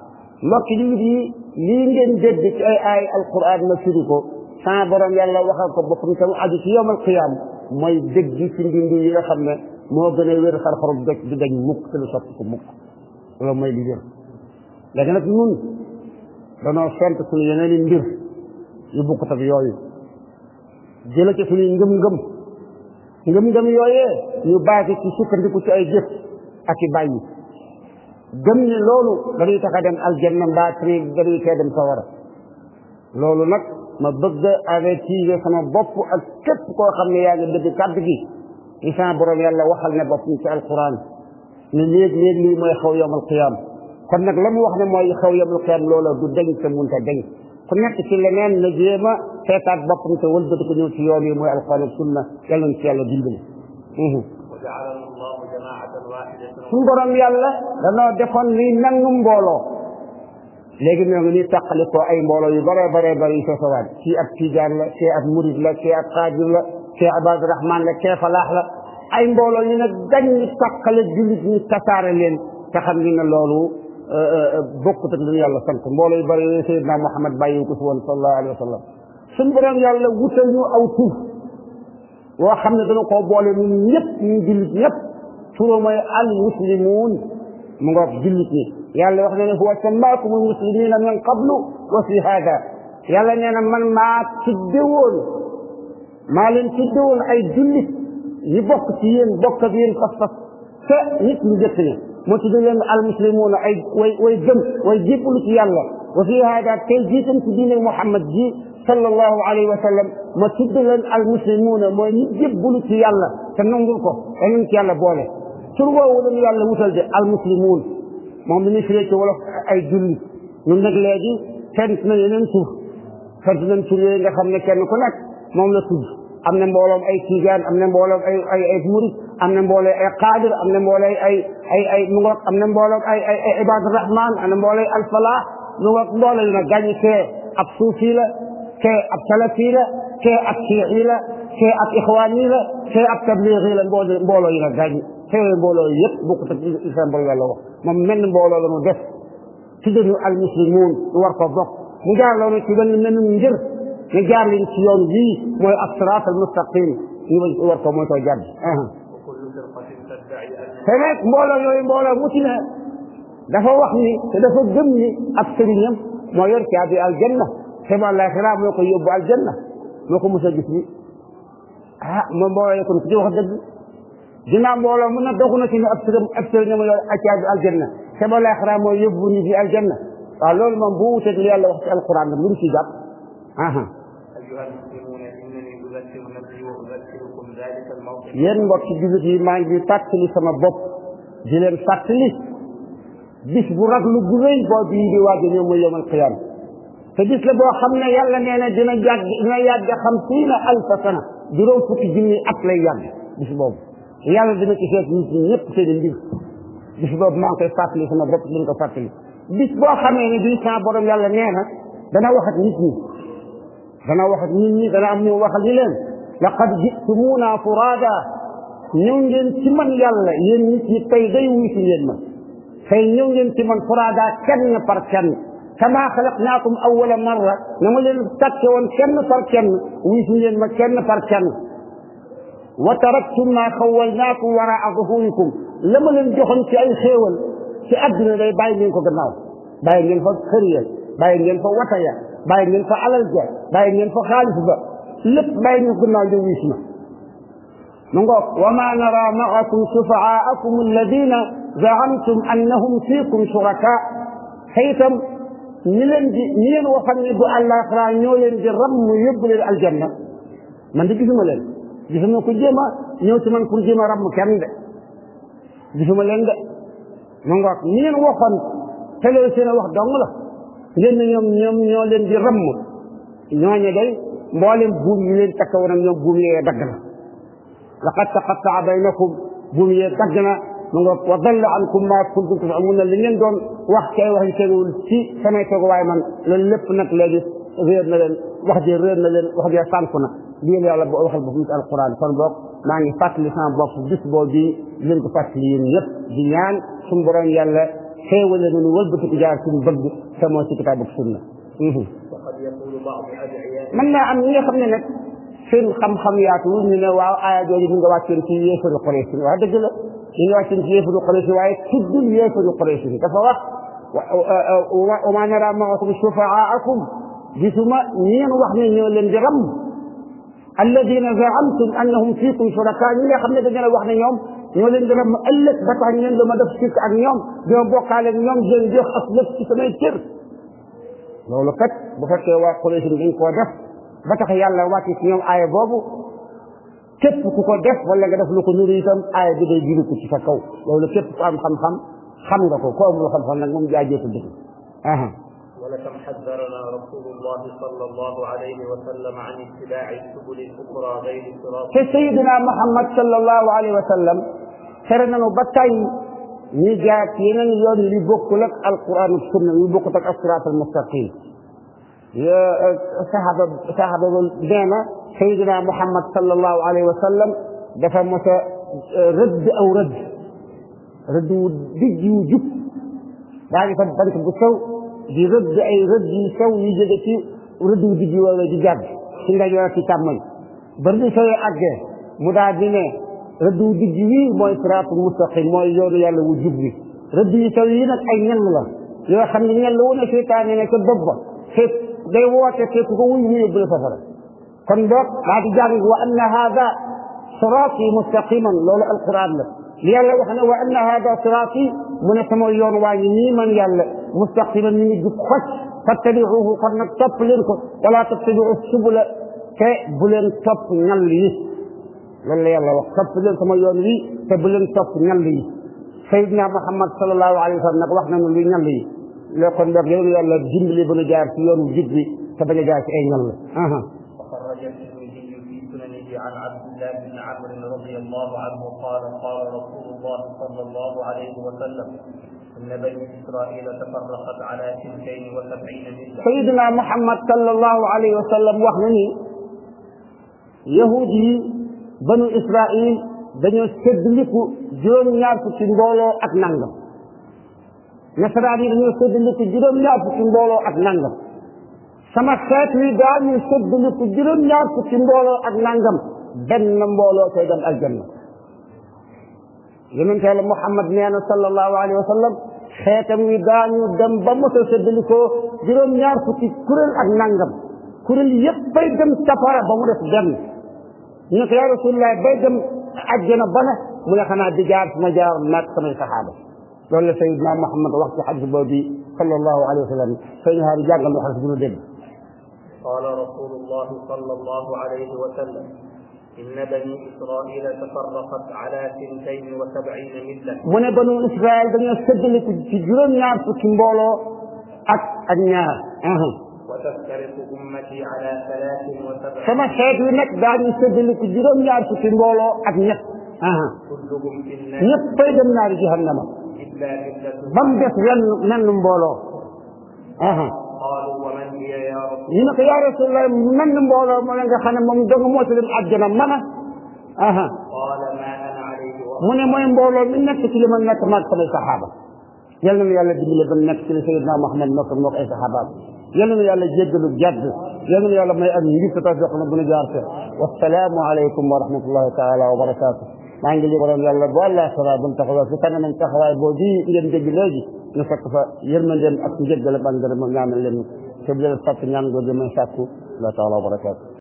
لك لي لي نجن اي اي القران ما تشركه سان برام يالله وخال كبكم سان في يوم القيامة ما يدق جيسي لي نجن يلا خمنا مو غنى وير خرخ بدن مقتل شطك مقتل loolu mooy li wér léegi nag nun danoo fent suñu yeneen i mbir yu bukkut ak yooyu jële ci suñuy ngëm-ngëm ngëm-ngëm yooyee ñu baasi ci sukkandiku ci ay jëf ak i bàyyi gëm ni loolu dañuy tax a dem aljanna mbaa tri dañuy tee dem sawara loolu nag ma bëgg avertir sama bopp ak képp koo xam yaa ngi dëgg kàddu gi li sama borom yàlla waxal ne boppam ci alquran من يجي لي ما يخاو يوم القيامة كنا لم واحد ما يخاو يوم القيامة لولا قدني كمون تدني كنا تكلمنا نجيبا فتاك بطن تولد تكنيو في يومي ما يلقى السنة يلا إن شاء الله جلدنا سنبرم يلا لنا دفن لي ننم بولو لكن يوم ني تقلقوا أي مولو يبرى برى برى سوسوان شيء أب تيجان لا شيء أب مريد لا شيء أب قادر لا شيء أباد الرحمن لا شيء فلاح لا ay mbolo ñu nak dañ ni tàqale julit ñu tasaare len ta xam ñu ne loolu bokkut ak lu yàlla sant mbooloo yu bari yooyu Muhammad bàyyi ko si sallallahu alayhi wa suñ borom yàlla wutal ñu aw tur woo xam ne dana koo boole ñëpp ñu jullit ñëpp turo mooy al muslimuun mu nga wax ñi yàlla wax na ne huwa samaakumul muslimina min qablu wa fi hada yàlla nee man maa tuddewoon maa leen tuddewoon ay jullit ñi bokk ci yéen bokk ak yéen pas-pas ca nit ñu jëkk ña mu tudd leen almuslimuuna ay way way gëm way jébbalu ci yàlla wa fi haada tey jiitam ci diine muhammad ji sallallahu alayhi wa sallam ma tudd leen almuslimuuna mooy ñi jébbalu ci yàlla te nangul ko yeneen ci yàlla boole tur woowu leen yàlla wutal de almuslimuun moom dañuy firee ci wolof ay julli ñun nag léegi fent na yeneen tur fent nañ tur yooyu nga xam ne kenn ku nekk moom la tudd am na mbooloom ay tijaan am na mbooloom ay ay ay murid am na mbooloo ay qaadir am na mbooloo ay ay ay mu ngoog am na mbooloom ay ay ay ibaadu rahmaan am na mbooloo al falah mu ngoog mbooloo yu na gàññ kee ab suufi la kee ab salafi la kee ab siixi la kee ab ixwaani la kee ab tabliixi la mbooloo mbooloo yu na gàññ te mbooloo yi yëpp bokkut ak islam bal yàlla wax moom mel mbooloo la mu def ci tuddañu al muslimuun war ko bokk mu jaar jaarloo ci benn menn ngir ñu jaar leen ci yoon wii mooy ak siraat al mustaqim ñu ma war ko mooy ko jaar te nag mbooloo yooyu mbooloo mu ci ne dafa wax ni te dafa gëm ni ak sëriñam moo yor caabi aljanna te ba laaxira moo ko yóbbu aljanna moo ko mos a gis ni ah moom mbooloo yi kon ku ci wax dëgg ginnaaw mbooloo mu ne dogu na ci ne ab sëriñ ab sëriñam moo yor caabi aljanna te ba laaxira moo yóbbu nit yi aljanna waaw loolu moom bu wuteeg li yàlla wax ci alquran nag lu mu ci jàpp yéen mbokk jullit yi maa ngi fàttali sama bopp di leen fàttali bis bu raglu bu rëy boo bii di waaj a ñëw muy yowmal qiyaam te bis la boo xam ne yàlla nee na dina yàgg dina yàgg xam siina alfa sana juróom fukki junni at lay yàgg bis boobu yàlla dina ci seet nit ñi ñëpp seen mbir bis boobu maa ngi koy sama bopp di ko fàttali bis boo xamee ne bii saa borom yàlla nee na dana wax ak nit ñi دانا واخ نين ني دانا ام ني واخال لين لقد جئتمونا فرادا نيونجين سي من يالا يين ني سي تاي داي ويسي لين ما فاي نيونجين سي من فرادا كين بار كين كما خلقناكم اول مره نما لين تاتيون كين بار كين ويسي لين ما كين بار كين وتركتم ما خولناكم وراء ظهوركم لما لين جوخون سي اي خيول سي ادنا داي باي نينكو غناو باي نينكو خريال باي نينكو واتايا bàyyi ngeen fa alal ja bàyyi ngeen fa xaalis ba lépp bàyyi ngeen gannaaw ja wiis na mu ngoog wa ma nara maakum sufaakum alladina zaamtum annahum fiikum shuraka te itam ñi leen di ñi leen waxoon ne du àllaaxira ñoo leen di ramm yóbbu leen aljanna man de gisuma leen gisuma ko jéem a ñëw ci man pour jéem a ramm kenn de gisuma leen de mu ngoog ñi leen waxoon te leen seen wax dong la ngeen ne ñoom ñoom ñoo leen di ramm ñooñu day mboolem buum yi leen takka woon ak ñoom buum yee dagg na laqad taqattaa baynakum buum yee dagg na mu nga wa dalla ankum maa kuntum tafamun na li ngeen doon wax kay wax ñu teguwul ci samay toogu waaye man loolu lépp nag léegi réer na leen wax ji réer na leen wax jee sànku na lii yàlla boo waxal boppam ci alquran kon boog maa ngi fàttali sama bopp bis boo bii leen ko fàttali yéen ñëpp di ñaan suñu borom yàlla هي ولد ولد تجار سن بدو سمو سي كتابك سنة من لا أم يا خم نت سن خم خم يا تون من وا آية جوج من جوات سن كي يسوع القريش وهذا جل إن جوات سن كي يسوع القريش وعي كد يسوع القريش كفوا وما نرى ما أصل شفاعكم جسما نين وحنا الذين زعمتم أنهم فيكم شركاء من يا خم يوم ñoo leen gën a ma ëllëg ba tax ngeen dama def sikk ak ñoom dina bokkaale ak ñoom jël jox as lëf ci samay cër loolu kat bu fekkee waa Quraysh dañ koo def ba tax yàlla wàcc ci ñoom aaya boobu képp ku ko def wala nga def lu ko nuru itam aaya bi day juliku ci sa kaw loolu képp ku am xam-xam xam nga ko ko amul xam-xam nag moom jaajeetu dëgg ولكم حذرنا رسول الله صلى الله عليه وسلم عن اتباع السبل الاخرى غير الصراط سيدنا محمد صلى الله عليه وسلم سرنا وبتاي نيجا كينن يون لي بوكلك القران والسنه لي بوكلك الصراط المستقيم يا صحاب صحاب دينا سيدنا محمد صلى الله عليه وسلم دفع موسى آه، رد او رد رد ودج وجب يعني كان بنت بسو دي رد اي رد يسو يجدك ورد ودج ولا جاب سيدنا يوسف كامل برد سوي اجا مدادينه rëddu wu digg yi mooy siraatul mustaqim mooy yoonu yàlla wu jub bi rëdd yu taw yi nag ay ñell la yoo xam ne ñell wu ne seytaane ne ca bopp ba fekk day woote fekk ko wuy mu yóbbu la safara kon boog daa di jàng wa anna haada siraati mustaqiman loolu alquran la li yàlla wax ne wa anna haada siraati mu ne sama yoon waa ngi nii man yàlla mustaqiman mi ngi jub xoj fattabiuhu kon nag topp leen ko wala tattabiu subula te bu leen topp ñall yi لله يلا وقف لين سما يوني تبلن توف نلي سيدنا محمد صلى الله عليه وسلم نقوحنا نلي نلي لكن لك يوم يلا جيب لي بني جار في يوم جيب لي تبني جار في أي نلي أها وخرج الترمذي في سننه عن عبد الله بن عمر رضي الله عنه قال قال رسول الله صلى الله عليه وسلم إن بني إسرائيل تفرقت على 72 ملة سيدنا محمد صلى الله عليه وسلم وحنني يهودي banu israil dañoo séddaliku juróom-ñaar fukki mbooloo ak nangam nasaraan yi dañoo séddaliku juróom-ñaar fukki mbooloo ak nangam sama xeet wi daal ñu juróom-ñaar fukki mbooloo ak nangam benn mbooloo koy dem aljanna yonente yàlla Muhammad nee na sallallahu alayhi wa sallam xeetam wi daañu dem ba mos a séddalikoo juróom-ñaar fukki kuréel ak nangam kuréel yëpp bay dem safara ba mu def نك يا رسول الله بيدم اجينا بنا ولا خنا دجار في مجار ما تسمى الصحابه قال سيدنا محمد وقت حج بودي صلى الله عليه وسلم فانها رجال فين هذا رجال قال رسول الله صلى الله عليه وسلم إن بني إسرائيل تفرقت على سنتين وسبعين ملة من بنو إسرائيل بني السجل في جرم يعرف كمبولو أك أنيا وتفترق أمتي على ثلاث وسبعين sama xeet yi nag daal ñu séddale ko juróom ñaar fukki mbooloo ak ñett كلهم في النار ñëppay dem naar jahannam إلا عدة ba mu des wenn menn mbooloo قالوا ومن هي يا رسول ñu ne ko yaa rasul allah menn mbooloo moo la nga xam ne moom dong moo ci dem àjjana mana قال ما أنا عليه mu ne mooy mbooloo mi nekk ci li ma nekk maag samay saxaaba yal na yàlla dimbale ba nekk ci li sayidna Muhammad nokk mook ay saxaabaam يلن يالا جدلو جد يلن يالا ما يأذن يجب تتفق نبن جارك والسلام عليكم ورحمة الله تعالى وبركاته ما عندي لي قرآن يالا بو الله صلاة من تخوى فتنة من تخوى بودي يلن تجلوجي نسكفى يرمن جن أكتو جدل بانجر من يعمل لن كبير الصفر يانجو جمع شاكو الله تعالى وبركاته